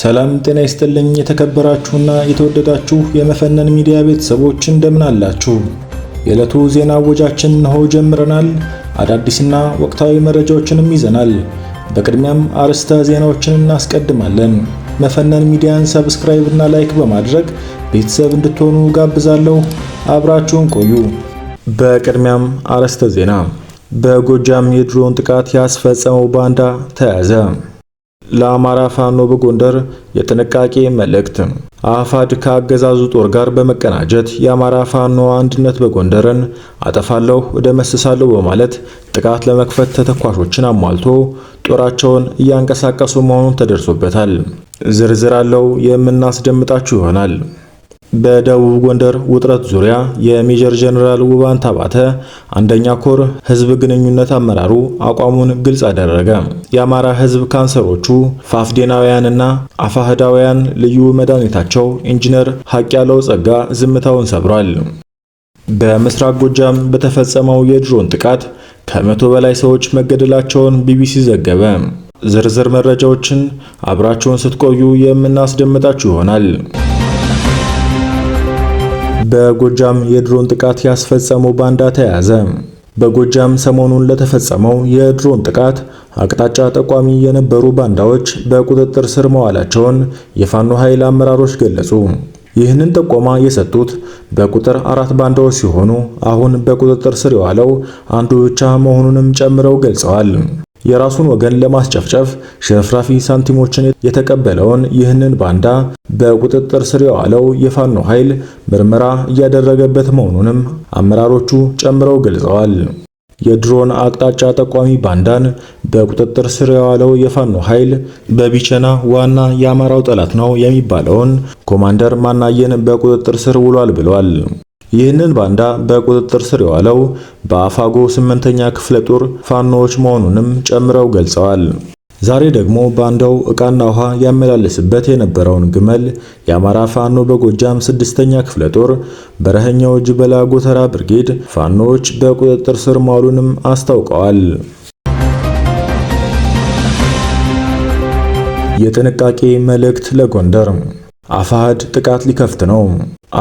ሰላም ጤና ይስጥልኝ። የተከበራችሁና የተወደዳችሁ የመፈነን ሚዲያ ቤተሰቦች እንደምን አላችሁ? የዕለቱ ዜና ወጃችን እንሆ ጀምረናል። አዳዲስና ወቅታዊ መረጃዎችንም ይዘናል። በቅድሚያም አርዕስተ ዜናዎችን እናስቀድማለን። መፈነን ሚዲያን ሰብስክራይብ እና ላይክ በማድረግ ቤተሰብ እንድትሆኑ ጋብዛለሁ። አብራችሁን ቆዩ። በቅድሚያም አርዕስተ ዜና፣ በጎጃም የድሮን ጥቃት ያስፈጸመው ባንዳ ተያዘ። ለአማራ ፋኖ በጎንደር የጥንቃቄ መልእክት። አፋድ ከአገዛዙ ጦር ጋር በመቀናጀት የአማራ ፋኖ አንድነት በጎንደርን አጠፋለሁ እደመስሳለሁ በማለት ጥቃት ለመክፈት ተተኳሾችን አሟልቶ ጦራቸውን እያንቀሳቀሱ መሆኑን ተደርሶበታል። ዝርዝር አለው የምናስደምጣችሁ ይሆናል። በደቡብ ጎንደር ውጥረት ዙሪያ የሜጀር ጀነራል ውባን አባተ አንደኛ ኮር ህዝብ ግንኙነት አመራሩ አቋሙን ግልጽ አደረገ። የአማራ ህዝብ ካንሰሮቹ ፋፍዴናውያንና አፋህዳውያን ልዩ መድኃኒታቸው ኢንጂነር ሀቅ ያለው ጸጋ ዝምታውን ሰብሯል። በምስራቅ ጎጃም በተፈጸመው የድሮን ጥቃት ከመቶ በላይ ሰዎች መገደላቸውን ቢቢሲ ዘገበ። ዝርዝር መረጃዎችን አብራችሁን ስትቆዩ የምናስደምጣችሁ ይሆናል። በጎጃም የድሮን ጥቃት ያስፈጸመው ባንዳ ተያዘ። በጎጃም ሰሞኑን ለተፈጸመው የድሮን ጥቃት አቅጣጫ ጠቋሚ የነበሩ ባንዳዎች በቁጥጥር ስር መዋላቸውን የፋኖ ኃይል አመራሮች ገለጹ። ይህንን ጥቆማ የሰጡት በቁጥር አራት ባንዳዎች ሲሆኑ አሁን በቁጥጥር ስር የዋለው አንዱ ብቻ መሆኑንም ጨምረው ገልጸዋል። የራሱን ወገን ለማስጨፍጨፍ ሽርፍራፊ ሳንቲሞችን የተቀበለውን ይህንን ባንዳ በቁጥጥር ስር የዋለው የፋኖ ኃይል ምርመራ እያደረገበት መሆኑንም አመራሮቹ ጨምረው ገልጸዋል። የድሮን አቅጣጫ ጠቋሚ ባንዳን በቁጥጥር ስር የዋለው የፋኖ ኃይል በቢቸና ዋና የአማራው ጠላት ነው የሚባለውን ኮማንደር ማናየን በቁጥጥር ስር ውሏል ብሏል። ይህንን ባንዳ በቁጥጥር ስር የዋለው በአፋጎ ስምንተኛ ክፍለ ጦር ፋኖዎች መሆኑንም ጨምረው ገልጸዋል። ዛሬ ደግሞ ባንዳው እቃና ውሃ ያመላለስበት የነበረውን ግመል የአማራ ፋኖ በጎጃም ስድስተኛ ክፍለ ጦር በረኸኛው ጅበላ ጎተራ ብርጌድ ፋኖዎች በቁጥጥር ስር ማዋሉንም አስታውቀዋል። የጥንቃቄ መልእክት ለጎንደር አፋሕድ ጥቃት ሊከፍት ነው።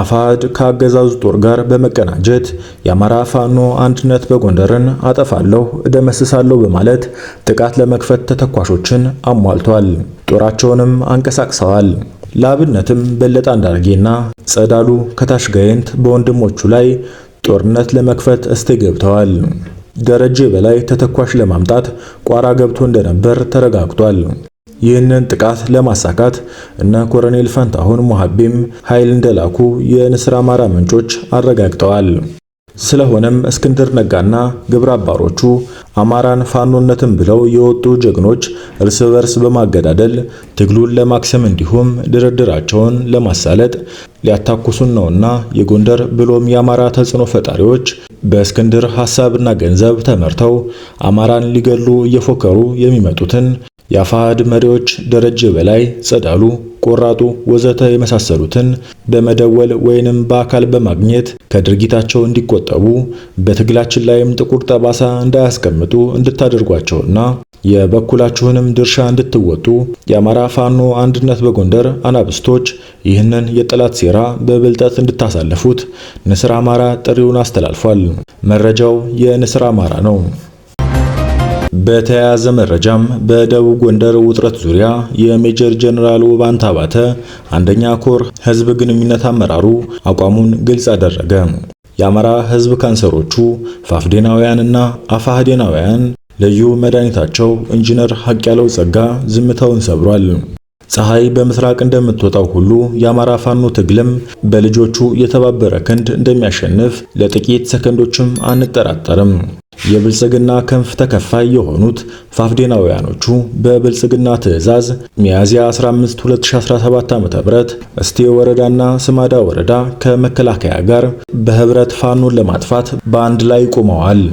አፋሕድ ከአገዛዙ ጦር ጋር በመቀናጀት የአማራ ፋኖ አንድነት በጎንደርን አጠፋለሁ እደመስሳለሁ በማለት ጥቃት ለመክፈት ተተኳሾችን አሟልቷል። ጦራቸውንም አንቀሳቅሰዋል። ለአብነትም በለጠ አንዳርጌና ጸዳሉ ከታች ጋይንት በወንድሞቹ ላይ ጦርነት ለመክፈት እስቴ ገብተዋል። ደረጀ በላይ ተተኳሽ ለማምጣት ቋራ ገብቶ እንደነበር ተረጋግጧል። ይህንን ጥቃት ለማሳካት እነ ኮሎኔል ፋንታሁን ሙሐቢም ኃይል እንደላኩ የንስር አማራ ምንጮች አረጋግጠዋል። ስለሆነም እስክንድር ነጋና ግብረ አባሮቹ አማራን ፋኖነትን ብለው የወጡ ጀግኖች እርስ በርስ በማገዳደል ትግሉን ለማክሰም እንዲሁም ድርድራቸውን ለማሳለጥ ሊያታኩሱን ነውና የጎንደር ብሎም የአማራ ተጽዕኖ ፈጣሪዎች በእስክንድር ሐሳብና ገንዘብ ተመርተው አማራን ሊገሉ እየፎከሩ የሚመጡትን የአፋሕድ መሪዎች ደረጀ በላይ፣ ጸዳሉ፣ ቆራጡ ወዘተ የመሳሰሉትን በመደወል ወይንም በአካል በማግኘት ከድርጊታቸው እንዲቆጠቡ በትግላችን ላይም ጥቁር ጠባሳ እንዳያስቀምጡ እንድታደርጓቸውና የበኩላችሁንም ድርሻ እንድትወጡ የአማራ ፋኖ አንድነት በጎንደር አናብስቶች ይህንን የጠላት ሴራ በብልጠት እንድታሳልፉት ንስር አማራ ጥሪውን አስተላልፏል። መረጃው የንስር አማራ ነው። በተያያዘ መረጃም በደቡብ ጎንደር ውጥረት ዙሪያ የሜጀር ጀነራል ውባንታ ባተ አንደኛ ኮር ህዝብ ግንኙነት አመራሩ አቋሙን ግልጽ አደረገ። የአማራ ህዝብ ካንሰሮቹ ፋፍዴናውያንና አፋህዴናውያን ልዩ መድኃኒታቸው ኢንጂነር ሀቅ ያለው ጸጋ ዝምታውን ሰብሯል። ፀሐይ በምስራቅ እንደምትወጣው ሁሉ የአማራ ፋኖ ትግልም በልጆቹ የተባበረ ክንድ እንደሚያሸንፍ ለጥቂት ሰከንዶችም አንጠራጠርም። የብልጽግና ክንፍ ተከፋይ የሆኑት ፋፍዴናውያኖቹ በብልጽግና ትዕዛዝ ሚያዝያ 15 2017 ዓ.ም እስቴ ወረዳና ስማዳ ወረዳ ከመከላከያ ጋር በህብረት ፋኖን ለማጥፋት በአንድ ላይ ቆመዋል።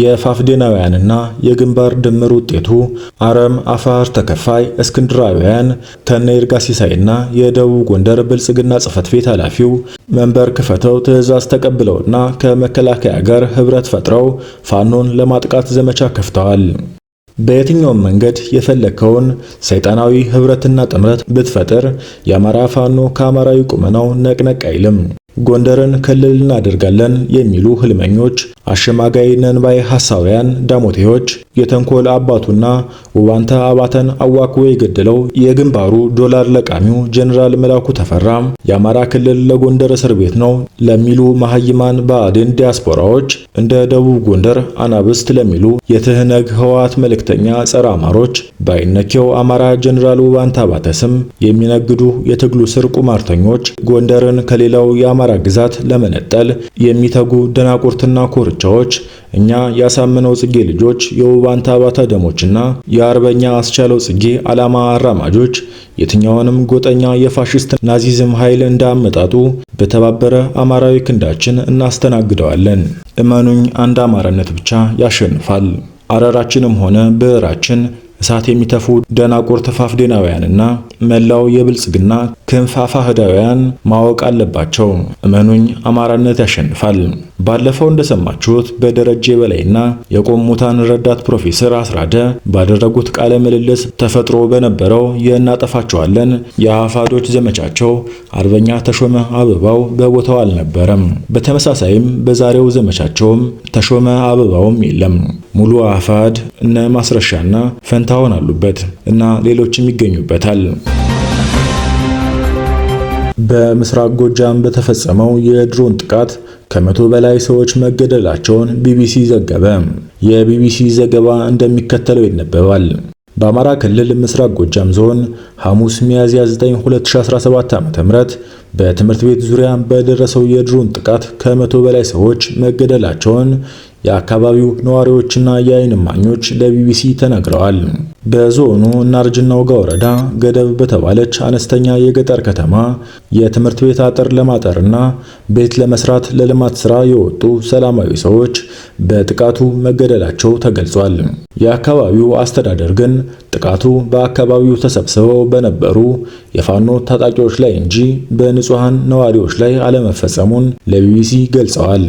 የፋፍዴናውያንና የግንባር ድምር ውጤቱ አረም፣ አፋር ተከፋይ እስክንድራውያን ከነ ይርጋ ሲሳይና የደቡብ ጎንደር ብልጽግና ጽሕፈት ቤት ኃላፊው መንበር ክፈተው ትዕዛዝ ተቀብለውና ከመከላከያ ጋር ህብረት ፈጥረው ፋኖን ለማጥቃት ዘመቻ ከፍተዋል። በየትኛውም መንገድ የፈለከውን ሰይጣናዊ ህብረትና ጥምረት ብትፈጥር የአማራ ፋኖ ከአማራዊ ቁመናው ነቅነቅ አይልም። ጎንደርን ክልል እናደርጋለን የሚሉ ህልመኞች፣ አሸማጋይ ነንባይ ሀሳውያን ሐሳውያን፣ ዳሞቴዎች የተንኮል አባቱና ውባንተ አባተን አዋክቦ የገደለው የግንባሩ ዶላር ለቃሚው ጀኔራል መላኩ ተፈራ የአማራ ክልል ለጎንደር እስር ቤት ነው ለሚሉ መሐይማን ብአዴን ዲያስፖራዎች እንደ ደቡብ ጎንደር አናብስት ለሚሉ የትህነግ ህወሓት መልእክተኛ ጸረ አማሮች ባይነኬው አማራ ጀኔራል ውባንተ አባተ ስም የሚነግዱ የትግሉ ስር ቁማርተኞች ጎንደርን ከሌላው የአማራ ግዛት ለመነጠል የሚተጉ ደናቁርትና ኮርቻዎች እኛ ያሳምነው ጽጌ ልጆች የውባ አንታባተ ደሞችና የአርበኛ አስቻለው ጽጌ ዓላማ አራማጆች የትኛውንም ጎጠኛ የፋሽስት ናዚዝም ኃይል እንዳመጣጡ በተባበረ አማራዊ ክንዳችን እናስተናግደዋለን። እመኑኝ፣ አንድ አማራነት ብቻ ያሸንፋል። አረራችንም ሆነ ብዕራችን እሳት የሚተፉ ደናቁር ተፋፍዴናውያንና መላው የብልጽግና ክንፋፋ ህዳውያን ማወቅ አለባቸው። እመኑኝ አማራነት ያሸንፋል። ባለፈው እንደሰማችሁት በደረጀ በላይና የቆሙታን ረዳት ፕሮፌሰር አስራደ ባደረጉት ቃለ ምልልስ ተፈጥሮ በነበረው የእናጠፋቸዋለን የአፋዶች ዘመቻቸው አርበኛ ተሾመ አበባው በቦታው አልነበረም። በተመሳሳይም በዛሬው ዘመቻቸውም ተሾመ አበባውም የለም። ሙሉ አፋድ እነ ማስረሻና ፈንታሆን አሉበት እና ሌሎችም ይገኙበታል። በምስራቅ ጎጃም በተፈጸመው የድሮን ጥቃት ከመቶ በላይ ሰዎች መገደላቸውን ቢቢሲ ዘገበ። የቢቢሲ ዘገባ እንደሚከተለው ይነበባል። በአማራ ክልል ምስራቅ ጎጃም ዞን ሐሙስ ሚያዝያ 9 2017 ዓ.ም በትምህርት ቤት ዙሪያ በደረሰው የድሮን ጥቃት ከመቶ በላይ ሰዎች መገደላቸውን የአካባቢው ነዋሪዎችና የአይን እማኞች ለቢቢሲ ተናግረዋል። በዞኑ እናርጅናው ጋወረዳ ወረዳ ገደብ በተባለች አነስተኛ የገጠር ከተማ የትምህርት ቤት አጥር ለማጠርና ቤት ለመስራት ለልማት ስራ የወጡ ሰላማዊ ሰዎች በጥቃቱ መገደላቸው ተገልጿል። የአካባቢው አስተዳደር ግን ጥቃቱ በአካባቢው ተሰብስበው በነበሩ የፋኖ ታጣቂዎች ላይ እንጂ በንጹሃን ነዋሪዎች ላይ አለመፈጸሙን ለቢቢሲ ገልጸዋል።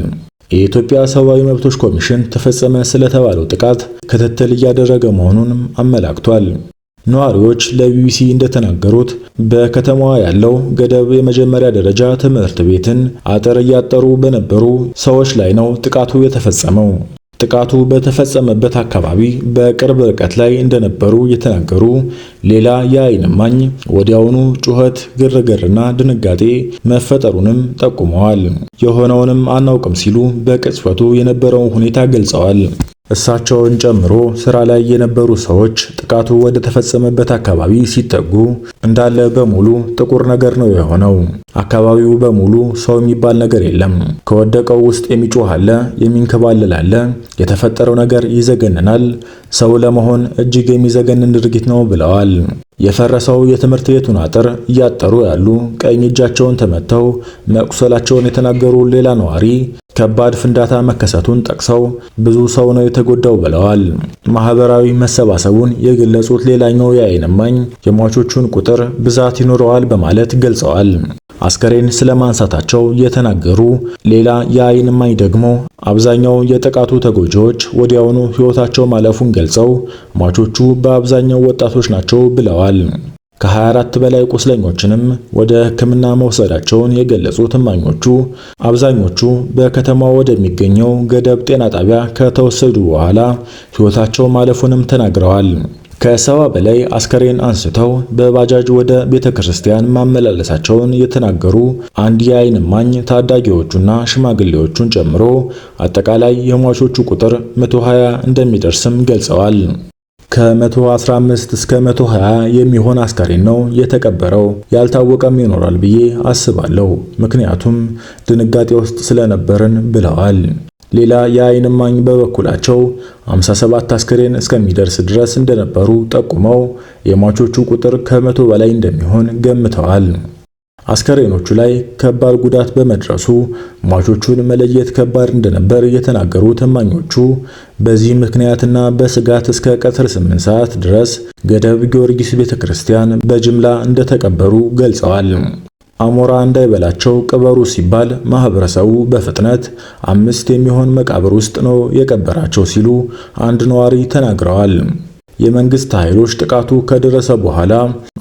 የኢትዮጵያ ሰብአዊ መብቶች ኮሚሽን ተፈጸመ ስለተባለው ጥቃት ክትትል እያደረገ መሆኑንም አመላክቷል። ነዋሪዎች ለቢቢሲ እንደተናገሩት በከተማዋ ያለው ገደብ የመጀመሪያ ደረጃ ትምህርት ቤትን አጥር እያጠሩ በነበሩ ሰዎች ላይ ነው ጥቃቱ የተፈጸመው። ጥቃቱ በተፈጸመበት አካባቢ በቅርብ ርቀት ላይ እንደነበሩ የተናገሩ ሌላ የዓይን እማኝ ወዲያውኑ ጩኸት፣ ግርግርና ድንጋጤ መፈጠሩንም ጠቁመዋል። የሆነውንም አናውቅም ሲሉ በቅጽበቱ የነበረውን ሁኔታ ገልጸዋል። እሳቸውን ጨምሮ ስራ ላይ የነበሩ ሰዎች ጥቃቱ ወደ ተፈጸመበት አካባቢ ሲጠጉ እንዳለ በሙሉ ጥቁር ነገር ነው የሆነው። አካባቢው በሙሉ ሰው የሚባል ነገር የለም። ከወደቀው ውስጥ የሚጮህ አለ፣ የሚንከባለል አለ። የተፈጠረው ነገር ይዘገንናል። ሰው ለመሆን እጅግ የሚዘገንን ድርጊት ነው ብለዋል። የፈረሰው የትምህርት ቤቱን አጥር እያጠሩ ያሉ ቀኝ እጃቸውን ተመተው መቁሰላቸውን የተናገሩ ሌላ ነዋሪ ከባድ ፍንዳታ መከሰቱን ጠቅሰው ብዙ ሰው ነው የተጎዳው ብለዋል። ማህበራዊ መሰባሰቡን የገለጹት ሌላኛው የዓይን እማኝ የሟቾቹን ቁጥር ብዛት ይኖረዋል በማለት ገልጸዋል። አስከሬን ስለማንሳታቸው የተናገሩ ሌላ የዓይን እማኝ ደግሞ አብዛኛው የጥቃቱ ተጎጂዎች ወዲያውኑ ሕይወታቸው ማለፉን ገልጸው ሟቾቹ በአብዛኛው ወጣቶች ናቸው ብለዋል። ከ24 በላይ ቁስለኞችንም ወደ ሕክምና መውሰዳቸውን የገለጹ እማኞቹ አብዛኞቹ በከተማው ወደሚገኘው ገደብ ጤና ጣቢያ ከተወሰዱ በኋላ ሕይወታቸው ማለፉንም ተናግረዋል። ከሰባ በላይ አስከሬን አንስተው በባጃጅ ወደ ቤተ ክርስቲያን ማመላለሳቸውን የተናገሩ አንድ የዓይን እማኝ ታዳጊዎቹና ሽማግሌዎቹን ጨምሮ አጠቃላይ የሟቾቹ ቁጥር 120 እንደሚደርስም ገልጸዋል። ከ115 እስከ 120 የሚሆን አስከሬን ነው የተቀበረው። ያልታወቀም ይኖራል ብዬ አስባለሁ፣ ምክንያቱም ድንጋጤ ውስጥ ስለነበርን ብለዋል። ሌላ የአይን እማኝ በበኩላቸው 57 አስከሬን እስከሚደርስ ድረስ እንደነበሩ ጠቁመው የሟቾቹ ቁጥር ከመቶ በላይ እንደሚሆን ገምተዋል። አስከሬኖቹ ላይ ከባድ ጉዳት በመድረሱ ሟቾቹን መለየት ከባድ እንደነበር የተናገሩት እማኞቹ በዚህ ምክንያትና በስጋት እስከ ቀትር 8 ሰዓት ድረስ ገደብ ጊዮርጊስ ቤተክርስቲያን በጅምላ እንደተቀበሩ ገልጸዋል። አሞራ እንዳይበላቸው ቅበሩ ሲባል ማህበረሰቡ በፍጥነት አምስት የሚሆን መቃብር ውስጥ ነው የቀበራቸው ሲሉ አንድ ነዋሪ ተናግረዋል። የመንግስት ኃይሎች ጥቃቱ ከደረሰ በኋላ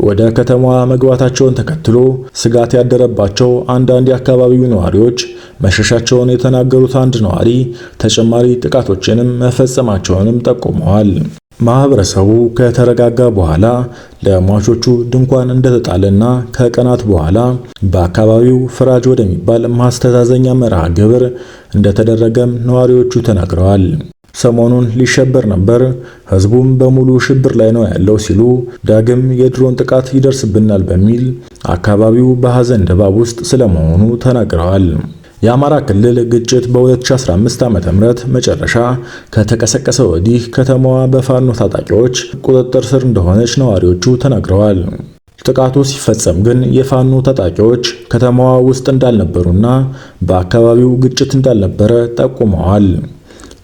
ወደ ከተማዋ መግባታቸውን ተከትሎ ስጋት ያደረባቸው አንዳንድ የአካባቢው ነዋሪዎች መሸሻቸውን የተናገሩት አንድ ነዋሪ ተጨማሪ ጥቃቶችንም መፈጸማቸውንም ጠቁመዋል። ማህበረሰቡ ከተረጋጋ በኋላ ለሟቾቹ ድንኳን እንደተጣለና ከቀናት በኋላ በአካባቢው ፍራጅ ወደሚባል ማስተዛዘኛ መርሃ ግብር እንደተደረገም ነዋሪዎቹ ተናግረዋል። ሰሞኑን ሊሸበር ነበር፣ ህዝቡም በሙሉ ሽብር ላይ ነው ያለው ሲሉ ዳግም የድሮን ጥቃት ይደርስብናል በሚል አካባቢው በሐዘን ድባብ ውስጥ ስለመሆኑ ተናግረዋል። የአማራ ክልል ግጭት በ2015 ዓ.ም መጨረሻ ከተቀሰቀሰ ወዲህ ከተማዋ በፋኖ ታጣቂዎች ቁጥጥር ስር እንደሆነች ነዋሪዎቹ ተናግረዋል። ጥቃቱ ሲፈጸም ግን የፋኖ ታጣቂዎች ከተማዋ ውስጥ እንዳልነበሩና በአካባቢው ግጭት እንዳልነበረ ጠቁመዋል።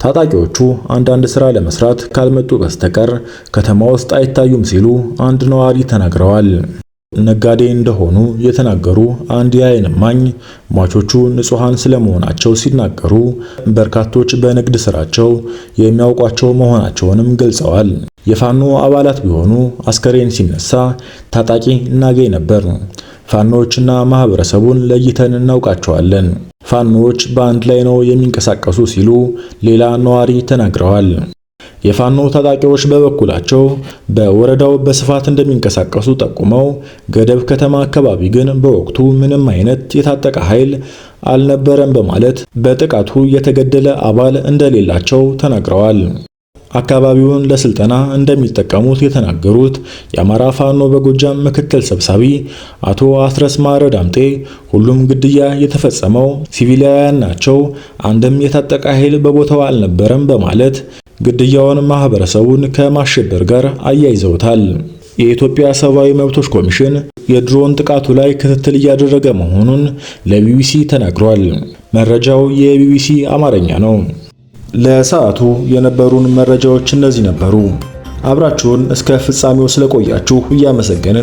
ታጣቂዎቹ አንዳንድ ስራ ለመስራት ካልመጡ በስተቀር ከተማ ውስጥ አይታዩም ሲሉ አንድ ነዋሪ ተናግረዋል። ነጋዴ እንደሆኑ የተናገሩ አንድ የአይን እማኝ ሟቾቹ ንጹሃን ስለመሆናቸው ሲናገሩ በርካቶች በንግድ ስራቸው የሚያውቋቸው መሆናቸውንም ገልጸዋል። የፋኖ አባላት ቢሆኑ አስከሬን ሲነሳ ታጣቂ እናገኝ ነበር። ፋኖዎችና ማህበረሰቡን ለይተን እናውቃቸዋለን። ፋኖዎች በአንድ ላይ ነው የሚንቀሳቀሱ ሲሉ ሌላ ነዋሪ ተናግረዋል። የፋኖ ታጣቂዎች በበኩላቸው በወረዳው በስፋት እንደሚንቀሳቀሱ ጠቁመው ገደብ ከተማ አካባቢ ግን በወቅቱ ምንም አይነት የታጠቀ ኃይል አልነበረም በማለት በጥቃቱ የተገደለ አባል እንደሌላቸው ተናግረዋል። አካባቢውን ለስልጠና እንደሚጠቀሙት የተናገሩት የአማራ ፋኖ በጎጃም ምክትል ሰብሳቢ አቶ አስረስ ማረ ዳምጤ ሁሉም ግድያ የተፈጸመው ሲቪላውያን ናቸው፣ አንድም የታጠቀ ኃይል በቦታው አልነበረም በማለት ግድያውን ማህበረሰቡን ከማሸበር ጋር አያይዘውታል። የኢትዮጵያ ሰብአዊ መብቶች ኮሚሽን የድሮን ጥቃቱ ላይ ክትትል እያደረገ መሆኑን ለቢቢሲ ተናግሯል። መረጃው የቢቢሲ አማርኛ ነው። ለሰዓቱ የነበሩን መረጃዎች እነዚህ ነበሩ። አብራችሁን እስከ ፍጻሜው ስለቆያችሁ እያመሰገንን